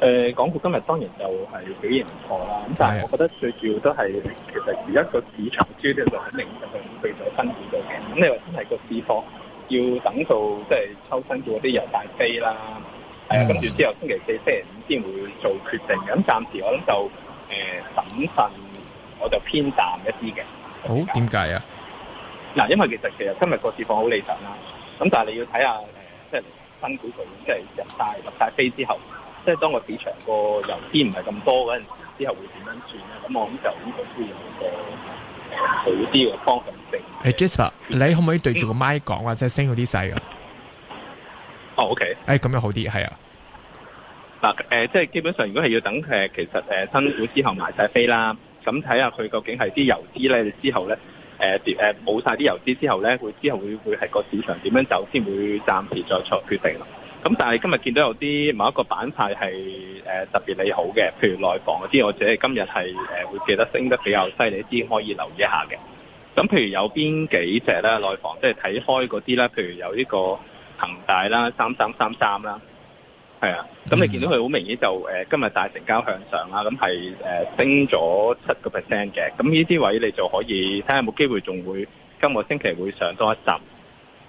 誒，港股、呃、今日當然就係表現唔錯啦。咁但係，我覺得最主要都係其實而家個市場輸咧就肯定係去咗新股度嘅。咁你話真係個市況要等到即係抽身嗰啲人大飛啦，係、嗯、啊。跟住之後星期四、星期五先會做決定。咁暫時我諗就誒謹慎，呃、我就偏淡一啲嘅。好，點解啊？嗱，因為其實其實今日個市況好理想啦。咁但係你要睇下誒，即係新股度，即係入曬入曬飛之後，即係當個市場個游資唔係咁多嗰陣時，之後會點樣轉咧？咁我諗就應該會有個好啲嘅方向性。Jasper，你可唔可以對住個麥講啊？即係聲有啲細啊？哦，OK。誒，咁樣好啲，係啊。嗱，誒，即係基本上，如果係要等佢，其實誒，新、呃、股之後埋晒飛啦，咁睇下佢究竟係啲游資咧、呃，之後咧，誒，誒，冇晒啲游資之後咧，會之後會會係個市場點樣走先會暫時再作決定咯。咁但係今日見到有啲某一個板塊係特別利好嘅，譬如內房嗰啲，我自己今日係會記得升得比較犀利啲，可以留意一下嘅。咁譬如有邊幾隻咧，內房，即係睇開嗰啲啦，譬如有呢個恒大啦、三三三三啦，係啊。咁你見到佢好明顯就、呃、今日大成交向上啦，咁係、呃、升咗七個 percent 嘅。咁呢啲位你就可以睇下有冇機會仲會今個星期會上多一陣。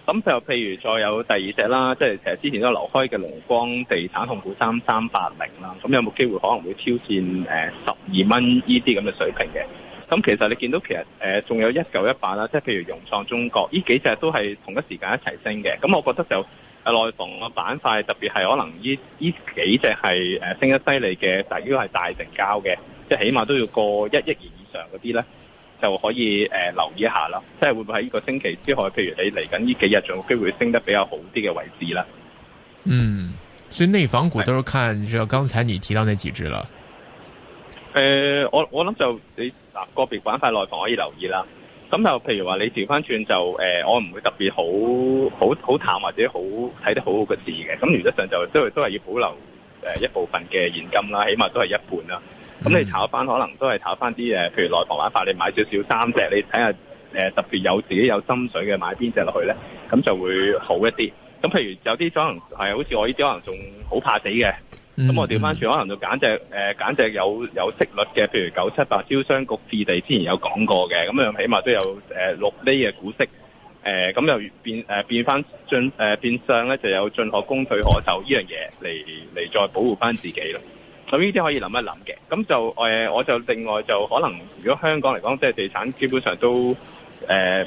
咁就譬如再有第二隻啦，即係其實之前都留開嘅龍光地產控股三三八零啦，咁有冇機會可能會挑戰誒十二蚊呢啲咁嘅水平嘅？咁其實你見到其實、呃、仲有一九一八啦，即係譬如融創中國，呢幾隻都係同一時間一齊升嘅。咁我覺得就、呃、內房個板塊特別係可能呢幾隻係誒升得犀利嘅，大都係大成交嘅，即係起碼都要過一億元以上嗰啲咧。就可以、呃、留意一下啦，即係會唔會喺呢個星期之後，譬如你嚟緊呢幾日仲有機會升得比較好啲嘅位置啦。嗯，所以內房股是的 都係看，就剛才你提到那幾隻啦、呃。我我諗就你嗱個別板塊內房可以留意啦。咁就譬如話你調翻轉就、呃、我唔會特別好好好淡或者好睇得好好嘅字嘅。咁原則上就都係都要保留、呃、一部分嘅現金啦，起碼都係一半啦。咁你炒翻可能都係炒翻啲，譬如內房玩法，你買少少三隻，你睇下、呃、特別有自己有心水嘅買邊隻落去咧，咁就會好一啲。咁譬如有啲可能係好似我呢啲可能仲好怕死嘅，咁我調翻轉可能就揀隻揀隻有有息率嘅，譬如九七八招商局置地之前有講過嘅，咁樣起碼都有六釐嘅股息。咁、呃、又變返變翻進變相咧就有進可攻退可守呢樣嘢嚟嚟再保護翻自己咯。咁呢啲可以諗一諗嘅，咁就誒、呃，我就另外就可能，如果香港嚟講，即係地產基本上都誒唔、呃、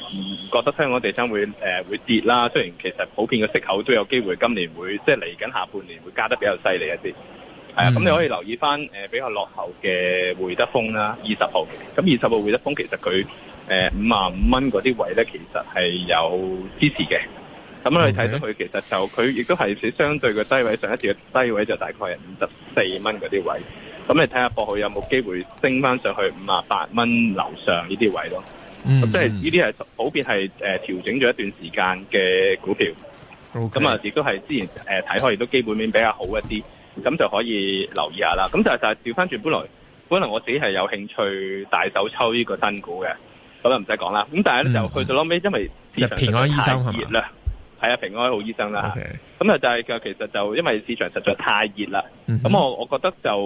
覺得香港地產會、呃、會跌啦。雖然其實普遍嘅息口都有機會今年會即係嚟緊下半年會加得比較犀利一啲，嗯、啊。咁你可以留意翻、呃、比較落後嘅會德豐啦，二十號。咁二十號會德豐其實佢誒五萬五蚊嗰啲位咧，其實係有支持嘅。咁你睇到佢其實就佢亦都係似相對嘅低位，上一次嘅低位就大概係五十四蚊嗰啲位。咁你睇下過佢有冇機會升翻上去五十八蚊樓上呢啲位咯。即係呢啲係普遍係調整咗一段時間嘅股票。咁啊亦都係之前睇開，亦都基本面比較好一啲，咁就可以留意下啦。咁就係就係調翻轉，本來本來我自己係有興趣大手抽呢個新股嘅。咁啊唔使講啦。咁但係咧就去到攞尾，因為市場太熱啦、嗯。係啊，平安好醫生啦咁啊 Okay. 就係、就、其實就因為市場實在太熱啦，咁、mm hmm. 我我覺得就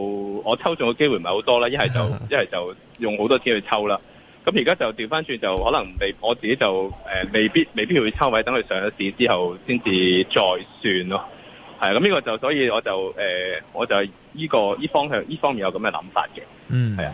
我抽中嘅機會唔係好多啦，一係就一係 就用好多錢去抽啦，咁而家就調翻轉就可能未，我自己就、呃、未必未必會抽位，等佢上咗市之後先至再算咯，係啊，咁呢個就所以我就誒、呃、我就呢、呢個呢方向呢方面有咁嘅諗法嘅，嗯，mm. 係啊。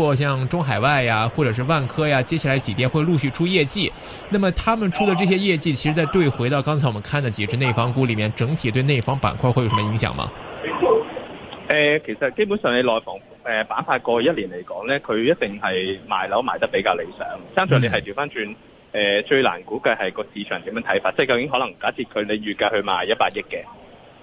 或像中海外呀、啊，或者是萬科呀、啊，接下來幾天會陸續出業績。那麼他們出的這些業績，其實在對回到剛才我們看的幾隻內房股裏面，整體對內房板塊會有什麼影響嗎？誒、呃，其實基本上你內房誒板塊過一年嚟講呢，佢一定係賣樓賣得比較理想。相總，你係調翻轉誒，最難估計係個市場點樣睇法，即係究竟可能假設佢你預計去賣一百億嘅，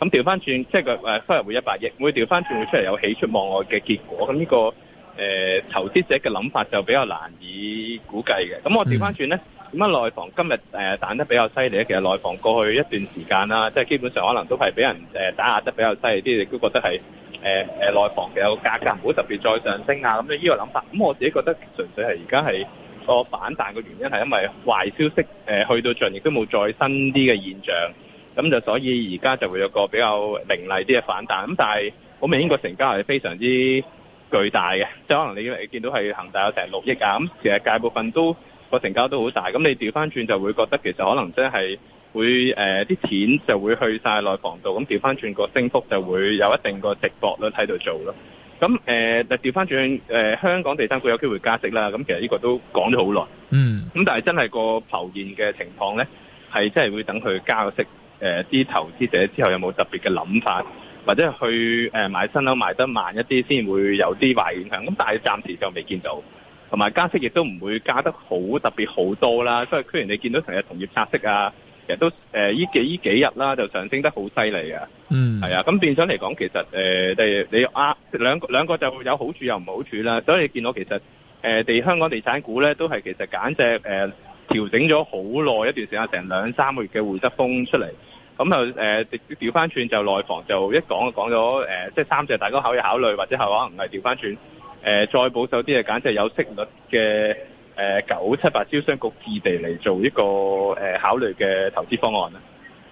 咁調翻轉即係佢誒收入會一百億，會調翻轉會出嚟有喜出望外嘅結果咁呢、這個。誒投資者嘅諗法就比較難以估計嘅，咁我調翻轉咧，點解、嗯、內房今日誒、呃、彈得比較犀利咧？其實內房過去一段時間啦，即、就、係、是、基本上可能都係俾人打壓得比較犀利啲，亦都覺得係、呃、內房嘅個價格唔好特別再上升啊。咁呢個諗法，咁我自己覺得純粹係而家係個反彈嘅原因係因為壞消息、呃、去到盡，亦都冇再新啲嘅現象，咁就所以而家就會有一個比較凌厲啲嘅反彈。咁但係好明顯個成交係非常之巨大嘅，即係可能你你見到係恒大有成六億啊，咁其實大部分都個成交都好大，咁你調翻轉就會覺得其實可能真係會誒啲、呃、錢就會去曬內房度，咁調翻轉個升幅就會有一定個直落咯喺度做咯，咁誒，但調翻轉誒香港地產股有機會加息啦，咁其實呢個都講咗好耐，嗯，咁但係真係個浮現嘅情況咧，係真係會等佢加息，啲、呃、投資者之後有冇特別嘅諗法？或者去誒、呃、買新樓買得慢一啲，先會有啲壞影響。咁但係暫時就未見到，同埋加息亦都唔會加得好特別好多啦。所以雖然你見到成日同業拆息啊，其實都誒依、呃、幾依日啦，就上升得好犀利嘅。嗯，係啊。咁變相嚟講，其實誒誒、呃、你你、啊、兩個兩個就有好處又唔好處啦。所以你見到其實誒地、呃、香港地產股咧，都係其實簡直誒、呃、調整咗好耐一段時間，成兩三個月嘅回測風出嚟。咁就誒直接調翻轉就內房就一講就講咗即係三隻，大家可以考慮，或者係可能係調翻轉再保守啲簡直有息率嘅誒、呃、九七八招商局置地嚟做一個、呃、考慮嘅投資方案啦。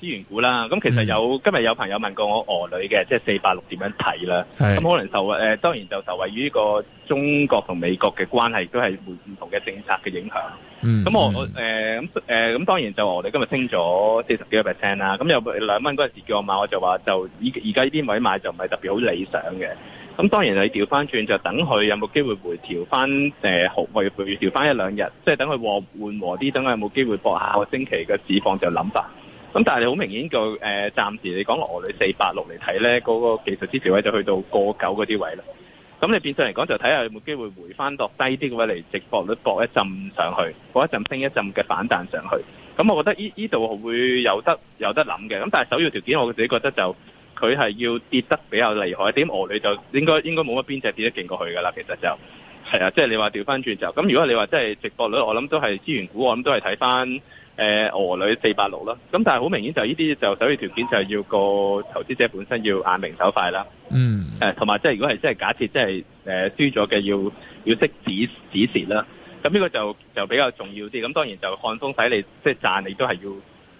資源股啦，咁、嗯、其實有今日有朋友問過我鵝女嘅，即係四百六點樣睇啦。咁是可能受誒、呃、當然就受惠於呢個中國同美國嘅關係，都係唔同嘅政策嘅影響。咁、嗯、我我誒咁咁當然就鵝女今日升咗四十幾個 percent 啦。咁有兩蚊嗰陣時叫我買，我就話就而而家呢啲位買就唔係特別好理想嘅。咁當然你調翻轉就等佢有冇機會回調翻誒，可、呃、可回，回，回調翻一兩日，即、就、係、是、等佢和緩和啲，等佢有冇機會博下個星期嘅市況就諗法。咁但係好明顯，就、呃、誒暫時你講鵝女四百六嚟睇咧，嗰、嗰個技術支持位就去到過九嗰啲位啦。咁你變相嚟講就睇下有冇機會回翻到低啲嘅位，嚟值博率博一陣上去，搏一陣升一陣嘅反彈上去。咁我覺得依依度會有得有得諗嘅。咁但係首要條件，我自己覺得就佢係要跌得比較厲害。點，鵝女就應該應該冇乜邊隻跌得勁過去㗎啦，其實就。係啊，即係你話調翻轉就咁、是。如果你話即係直播率，我諗都係資源股，我諗都係睇翻誒俄女四百六囉。咁但係好明顯就呢啲就首要條件就係要個投資者本身要眼明手快啦。嗯。同埋即係如果係即係假設即係輸咗嘅要要識止止蝕啦。咁呢個就就比較重要啲。咁當然就看風使你，即係賺你都係要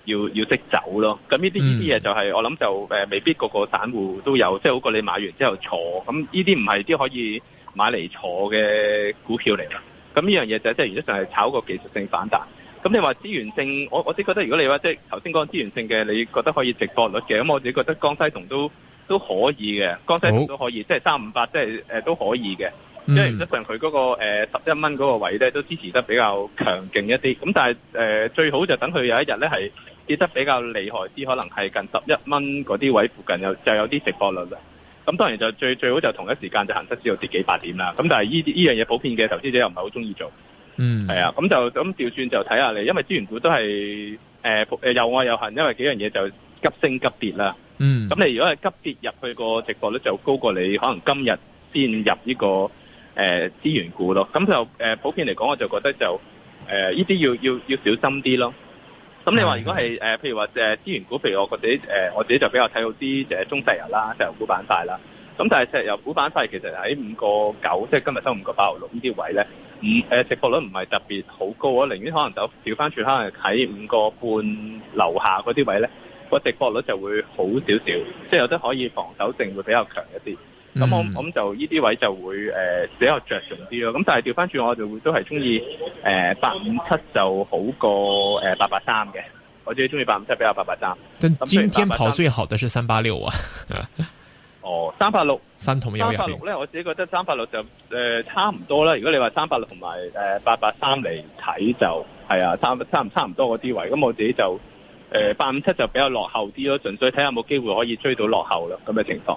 要要識走咯。咁呢啲呢啲嘢就係、是、我諗就誒未必個個散戶都有，即、就、係、是、好過你買完之後坐。咁呢啲唔係啲可以。買嚟坐嘅股票嚟啦，咁呢樣嘢就即係原則上係炒個技術性反彈。咁你話資源性，我我只覺得如果你話即係頭先講資源性嘅，你覺得可以值播率嘅，咁我自己覺得江西銅都都可以嘅，江西銅都可以，好即係三五八，即係誒都可以嘅，因為、嗯、原則上佢嗰，那個誒十一蚊嗰個位咧都支持得比較強勁一啲。咁但係誒、呃、最好就等佢有一日咧係跌得比較厲害啲，可能係近十一蚊嗰啲位附近有就有啲值播率嘅。咁當然就最最好就同一時間就行得知道自己點啦。咁但係呢啲呢樣嘢普遍嘅投資者又唔係好中意做，係、嗯、啊。咁就咁調轉就睇下你，因為資源股都係、呃、又愛又恨，因為幾樣嘢就急升急跌啦。咁、嗯、你如果係急跌入去個直播率就高過你可能今日先入呢、呢個、呃、資源股咯。咁就、呃、普遍嚟講，我就覺得就呢啲、呃、要要要小心啲咯。咁你話如果係、呃、譬如話誒資源股，譬如我自己誒、呃，我自己就比較睇好啲誒中石油啦、石油股板塊啦。咁但係石油股板塊其實喺五個九，即係今日收五個八毫六呢啲位咧，五誒、呃、值博率唔係特別好高啊，寧願可能就掉返轉可能喺五個半樓下嗰啲位咧，個值博率就會好少少，即係有得可以防守性會比較強一啲。咁我咁就呢啲位就會誒比較着重啲咯，咁但係調翻轉，我就會都係中意誒八五七就好過誒八八三嘅，我自己中意八五七比較八八三。但今天跑最好的是三八六啊！ 哦，三八六，三同樣三八六咧，我自己覺得三八六就誒、呃、差唔多啦。如果你話三八六同埋誒八八三嚟睇，就係啊，3, 3，差、差唔、差唔多嗰啲位。咁、嗯、我自己就誒八五七就比較落後啲咯，純粹睇下有冇機會可以追到落後啦，咁嘅情況。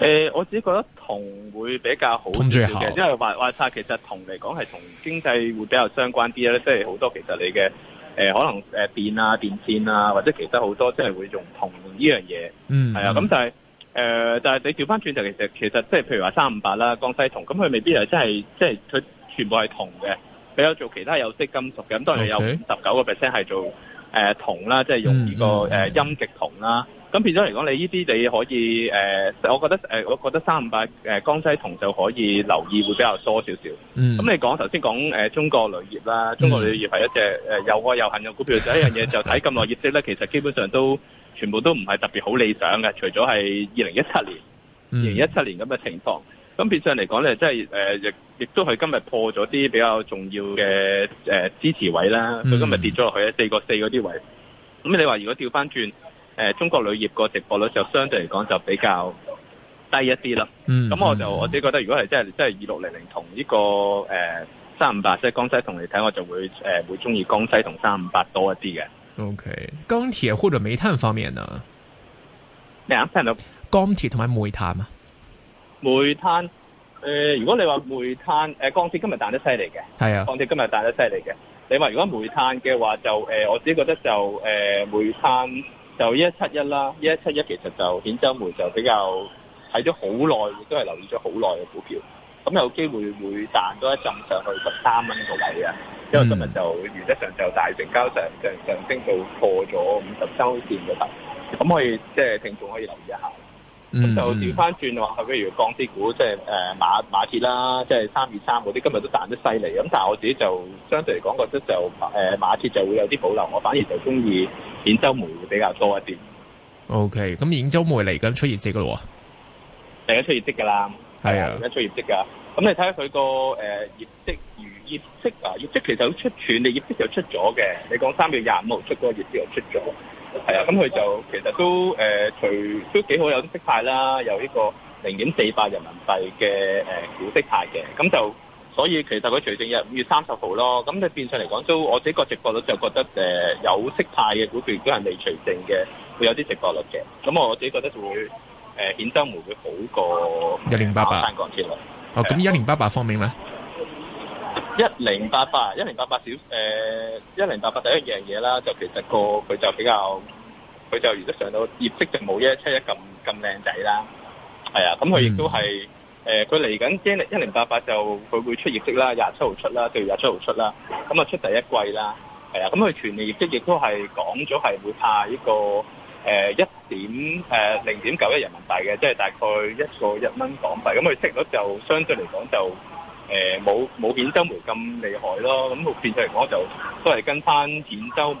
誒、呃，我自己覺得銅會比較好啲嘅，後因為話話曬其實銅嚟講係同經濟會比較相關啲咧，即係好多其實你嘅誒、呃、可能誒電啊、電線啊，或者其他好多，即係會用銅呢樣嘢。嗯，係啊，咁、嗯、但係誒、呃，但係你調翻轉頭其實其實即係譬如話三五八啦，江西銅，咁佢未必係真係即係佢全部係銅嘅，比較做其他有色金屬嘅，咁當然有十九個 percent 係做誒銅、呃、啦，即係用呢、這個誒陰極銅啦。咁變咗嚟講，你呢啲你可以誒、呃，我覺得、呃、我覺得三五八誒江西銅就可以留意，會比較疏少少。咁、嗯、你講頭先講中國鋁業啦，嗯、中國鋁業係一隻誒、呃、又愛又恨嘅股票， 一就一樣嘢就睇咁耐業績咧，其實基本上都全部都唔係特別好理想嘅，除咗係二零一七年、二零一七年咁嘅情況。咁變相嚟講咧，即係誒亦亦都係今日破咗啲比較重要嘅、呃、支持位啦。佢今日跌咗落去四個四嗰啲位。咁你話如果調翻轉？誒、呃、中國鋁業個直播率就相對嚟講就比較低一啲啦。咁、嗯嗯、我就我自己覺得，如果係真係真係二六零零同呢個誒三五八，即係江西同嚟睇，我就會誒、呃、會鍾意江西同三五八多一啲嘅。O、okay. K，鋼鐵或者煤炭方面呢？咩啊？聽到鋼鐵同埋煤炭啊？煤炭誒、呃，如果你話煤炭誒鋼、呃、鐵今日彈得犀利嘅，係啊，鋼鐵今日彈得犀利嘅。你話如果煤炭嘅話就，就、呃、誒我自己覺得就誒、呃、煤炭。就一一七一啦，一一七一其實就兗州煤就比較睇咗好耐，亦都係留意咗好耐嘅股票，咁有機會會彈到一浸上去十三蚊個位啊！因為今日就原則上就大成交上上上升到破咗五十周線嗰度，咁可以即係聽眾可以留意一下。咁、嗯、就調翻轉嘅話，譬如鋼鐵股，即係誒馬馬鐵啦，即係三月三嗰啲，今日都彈得犀利。咁但係我自己就相對嚟講，覺得就誒馬，馬鐵就會有啲保留，我反而就鍾意兗州煤會比較多一啲。O K，咁兗州煤嚟緊出業績嘅喎，突然間出業績㗎啦，係啊，第一出業績㗎。咁你睇下佢個誒業績，如業績啊，業績其實好出斷你業績就出咗嘅。你講三月廿五號出嗰個業績又出咗。係啊，咁、嗯、佢就其實都誒除都幾好，有息派啦，有呢個零點四八人民幣嘅誒股息派嘅，咁、呃嗯、就所以其實佢除剩日五月三十號咯，咁、嗯、你變相嚟講都，我自己個值博率就覺得誒有息派嘅股票都係未除剩嘅，有啲值博率嘅，咁、嗯、我自己覺得就會誒顯周末會好過一零八八三、嗯、港鐵、哦、啊，哦咁一零八八方面咧。一零八八，一零八八小，誒、呃，一零八八第一樣嘢啦，就其實個佢就比較，佢就如果上到業績就冇一一七一咁咁靚仔啦。係啊，咁佢亦都係，誒、嗯，佢嚟緊即係一零八八就佢會出業績啦，廿七號出啦，對廿七號出啦，咁啊出第一季啦。係啊，咁、嗯、佢全年業績亦都係講咗係會派呢、這個，誒、呃，一點，誒、呃，零點九一人民幣嘅，即、就、係、是、大概一個一蚊港幣。咁、嗯、佢息率就相對嚟講就。誒冇冇顯週末咁厲害咯，咁變相嚟講就都係跟翻顯週末。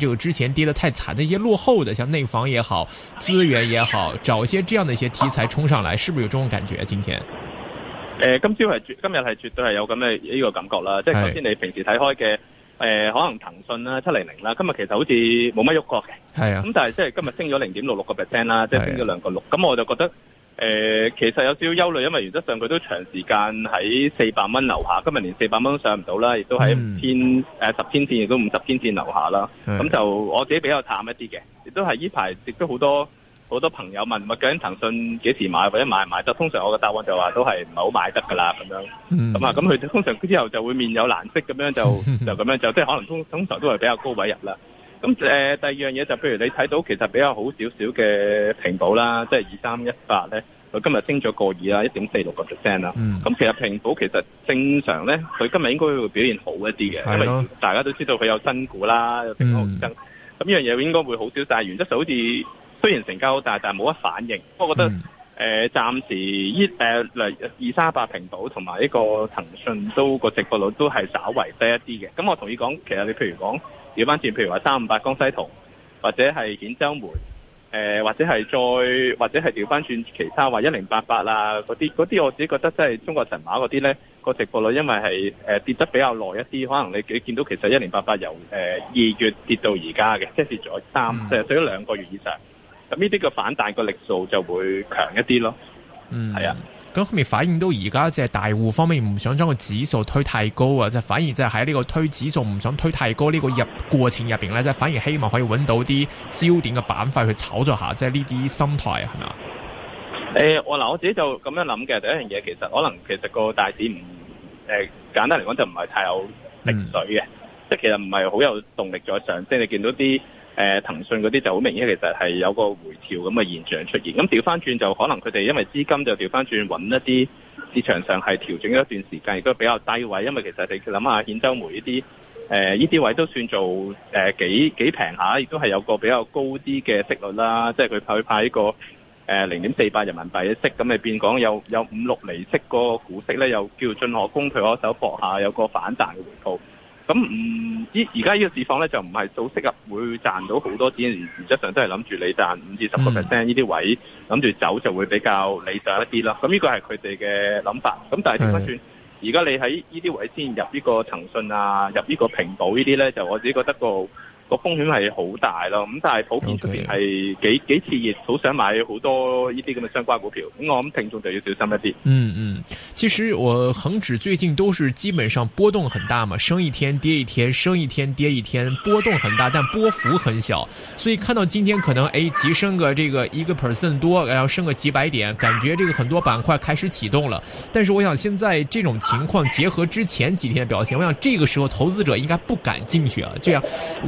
就之前跌得太慘的一些落後的，像內房也好，資源也好，找一些這樣的一些題材衝上來，是不是有這種感覺啊？今天？誒，今朝係今日係絕對係有咁嘅呢個感覺啦，即係頭先你平時睇開嘅誒，可能騰訊啦、七零零啦，今日其實好似冇乜喐過嘅，係啊，咁但係即係今日升咗零點六六個 percent 啦，即係升咗兩個六，咁我就覺得。呃、其實有少少憂慮，因為原則上佢都長時間喺四百蚊樓下，今日連四百蚊都上唔到啦，亦都係五天，誒，十天線亦都五十天線樓下啦。咁的就我自己比較淡一啲嘅，亦都係呢排亦都好多好多朋友問，究竟騰訊幾時買，或者買唔買得？通常我嘅答案就話都係唔係好買得噶啦咁樣。咁啊、嗯，咁佢通常之後就會面有難色，咁樣 就就咁樣就即係可能通通常都係比較高位入啦。咁誒、呃，第二樣嘢就係、譬如你睇到，其實比較好少少嘅平保啦，即係二三一八咧，佢今日升咗個二啦，一點四六個 percent 啦。咁其實平保其實正常咧，佢今日應該會表現好一啲嘅，的因為大家都知道佢有新股啦，嗯、有升幅增。咁呢、嗯、樣嘢應該會好少，但係原則就好似雖然成交大，但係但係冇乜反應。不過我覺得誒、嗯呃，暫時依誒嚟二三一八平保同埋呢個騰訊都、嗰個值博率都係稍微低一啲嘅。咁我同你講，其實你譬如講。調翻轉，譬如話三五八江西銅，或者係顯周梅，誒、呃、或者係再或者係調翻轉其他，話一零八八啦嗰啲，嗰啲我自己覺得即係中國神華嗰啲呢個值博率，因為係、呃、跌得比較耐一啲，可能你你見到其實一零八八由誒、呃、二月跌到而家嘅，即係跌咗三成，跌咗、mm. 兩個月以上，咁呢啲個反彈個力數就會強一啲咯，嗯，係啊。咁方面反映到而家即係大戶方面唔想將個指數推太高啊，即係反而即係喺呢個推指數唔想推太高呢個入過程入邊咧，即係反而希望可以揾到啲焦點嘅板塊去炒作下，即係呢啲心態啊係咪啊？誒，我嗱、呃、我自己就咁樣諗嘅。第一樣嘢其實可能其實個大市唔誒簡單嚟講就唔係太有力水嘅，即係、嗯、其實唔係好有動力咗上即係你見到啲。誒騰訊嗰啲就好明顯，其實係有個回調咁嘅現象出現。咁調翻轉就可能佢哋因為資金就調翻轉揾一啲市場上係調整咗一段時間，亦都比較低位。因為其實你諗下，兗州煤呢啲誒呢啲位都算做誒幾幾平下，亦都係有個比較高啲嘅息率啦。即係佢派派呢個誒零點四八人民幣嘅息，咁咪變講有有五六厘息個股息咧，又叫進可攻佢嗰手搏下，有個反彈嘅回報。咁唔依而家呢個市況咧，就唔係好適合會賺到好多錢，原則上都係諗住你賺五至十個 percent 呢啲位，諗住、嗯、走就會比較理想一啲啦。咁呢個係佢哋嘅諗法。咁但係點講算？而家、嗯、你喺呢啲位先入呢個騰訊啊，入個呢個蘋果呢啲咧，就我自己覺得個。個風險係好大咯，咁但係普遍出邊係幾幾次熱，好 Okay. 想買好多呢啲咁嘅相關股票，咁我諗聽眾就要小心一啲。嗯嗯，其實我恒指最近都是基本上波動很大嘛，升一天跌一天，升一天跌一天，波動很大，但波幅很小。所以看到今天可能誒急、哎、升個這個一個 percent 多，然後升個幾百點，感覺這個很多板塊開始啟動了。但是我想現在這種情況，結合之前幾天嘅表現，我想這個時候投資者應該不敢進去啊。這樣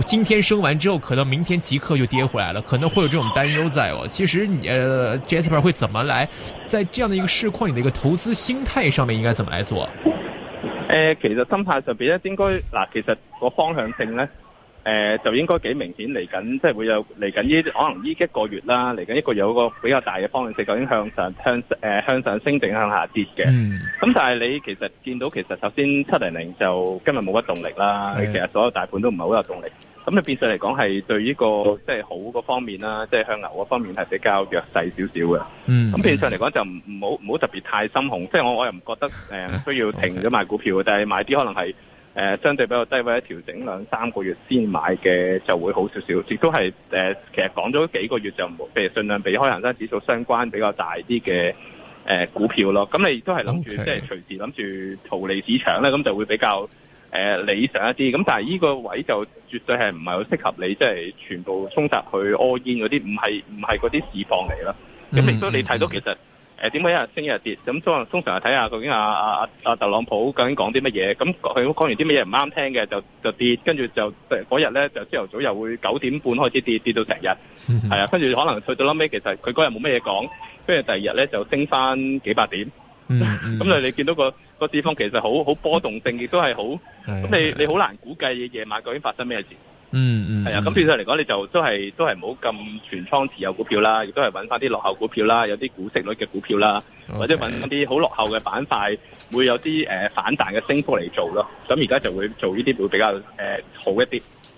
今天。天升完之後，可能明天即刻就跌回來了，可能會有這種擔憂在哦。其實你、呃、Jasper 會怎麼來，在這樣的一個市況，你的一個投資心態上面應該怎麼來做？誒、呃，其實心態上邊咧，應該嗱，其實個方向性咧，誒、呃、就應該幾明顯嚟緊，即係會有嚟緊呢，可能呢一個月啦，嚟緊一個有個比較大嘅方向性究竟向上向誒、呃、向上升定向下跌嘅。咁、嗯、但係你其實見到，其實頭先七零零就今日冇乜動力啦，對其實所有大盤都唔係好有動力。咁你變相嚟講係對呢、這個即係、就是、好個方面啦，即、就、係、是、向牛嗰方面係比較弱勢少少嘅。嗯，咁變相嚟講就唔好唔好特別太心雄，即、就、係、是、我我又唔覺得、呃、需要停咗賣股票，但係買啲可能係、呃、相對比較低位、調整兩三個月先買嘅就會好少少，亦都係其實講咗幾個月就唔好。譬如儘量避開恒生指數相關比較大啲嘅、呃、股票咯。咁你亦都係諗住即係隨時諗住逃離市場咧，咁就會比較，誒、呃、理想一啲，咁但係依個位就絕對係唔係好適合你，即、就、係、是、全部衝砸去屙煙嗰啲，唔係唔係嗰啲市況嚟啦。咁所以你睇到其實誒點解日升日跌？咁通，通常通常係睇下究竟阿啊，啊特朗普究竟講啲乜嘢？咁佢講完啲乜嘢唔啱聽嘅，就就跌，跟住就嗰日咧就朝頭早又會九點半開始跌，跌到成日，係、mm hmm. 啊，跟住可能去到臨尾其實佢嗰日冇乜嘢講，跟住第二日咧就升返幾百點，咁就、mm hmm. 你見到個。個地方其實好好波動性，亦都係好，咁你你好難估計夜晚究竟發生咩事。嗯嗯，係、嗯、啊，咁變相嚟講，你就都係都係唔好咁全倉持有股票啦，亦都係揾翻啲落後股票啦，有啲股息率嘅股票啦，或者揾翻啲好落後嘅板塊，會有啲誒、呃、反彈嘅升幅嚟做咯。咁而家就會做呢啲會比較誒、呃、好一啲。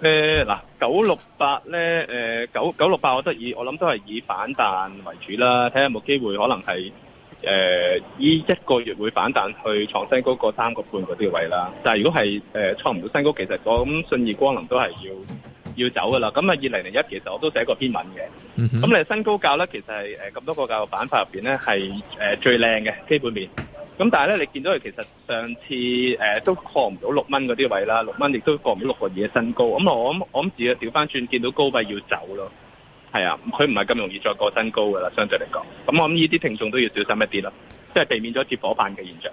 誒，嗱九六八咧，誒九九六八，呃、我覺得以，我諗都係以反彈為主啦，睇下有冇機會可能係誒依一個月會反彈去創新高個三個半嗰啲位啦。但係如果係誒、呃、創唔到新高，其實我咁信義光能都係要要走噶啦。咁啊二零零一，其實我都寫過篇文嘅。咁、uh huh. 你新高教咧，其實係誒咁多個教育板塊入邊咧係誒最靚嘅基本面。咁、嗯、但係咧，你見到佢其實上次誒、呃、都過唔到六蚊嗰啲位啦，六蚊亦都過唔到六個二嘅新高。咁、嗯、我我我諗自己調翻轉，見到高位要走咯，係啊，佢唔係咁容易再過新高㗎啦。相對嚟講，咁、嗯、我諗呢啲聽眾都要小心一啲啦，即係避免咗接火棒嘅現象。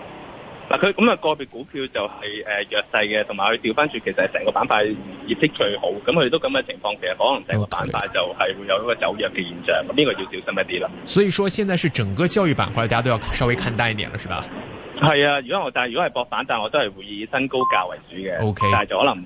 嗱，佢咁啊個別股票就係、是、誒、呃、弱勢嘅，同埋佢調翻轉，其實係成個板塊業績最好。咁佢都咁嘅情況，其實可能成個板塊就係會有嗰個走弱嘅現象。咁呢個要小心一啲啦。所以說，現在是整個教育板塊，大家都要稍微看淡一點啦，是吧？係、嗯、啊，如果我但係如果係博板，但係我都係會以新高價為主嘅。O Okay . K，但係就可能。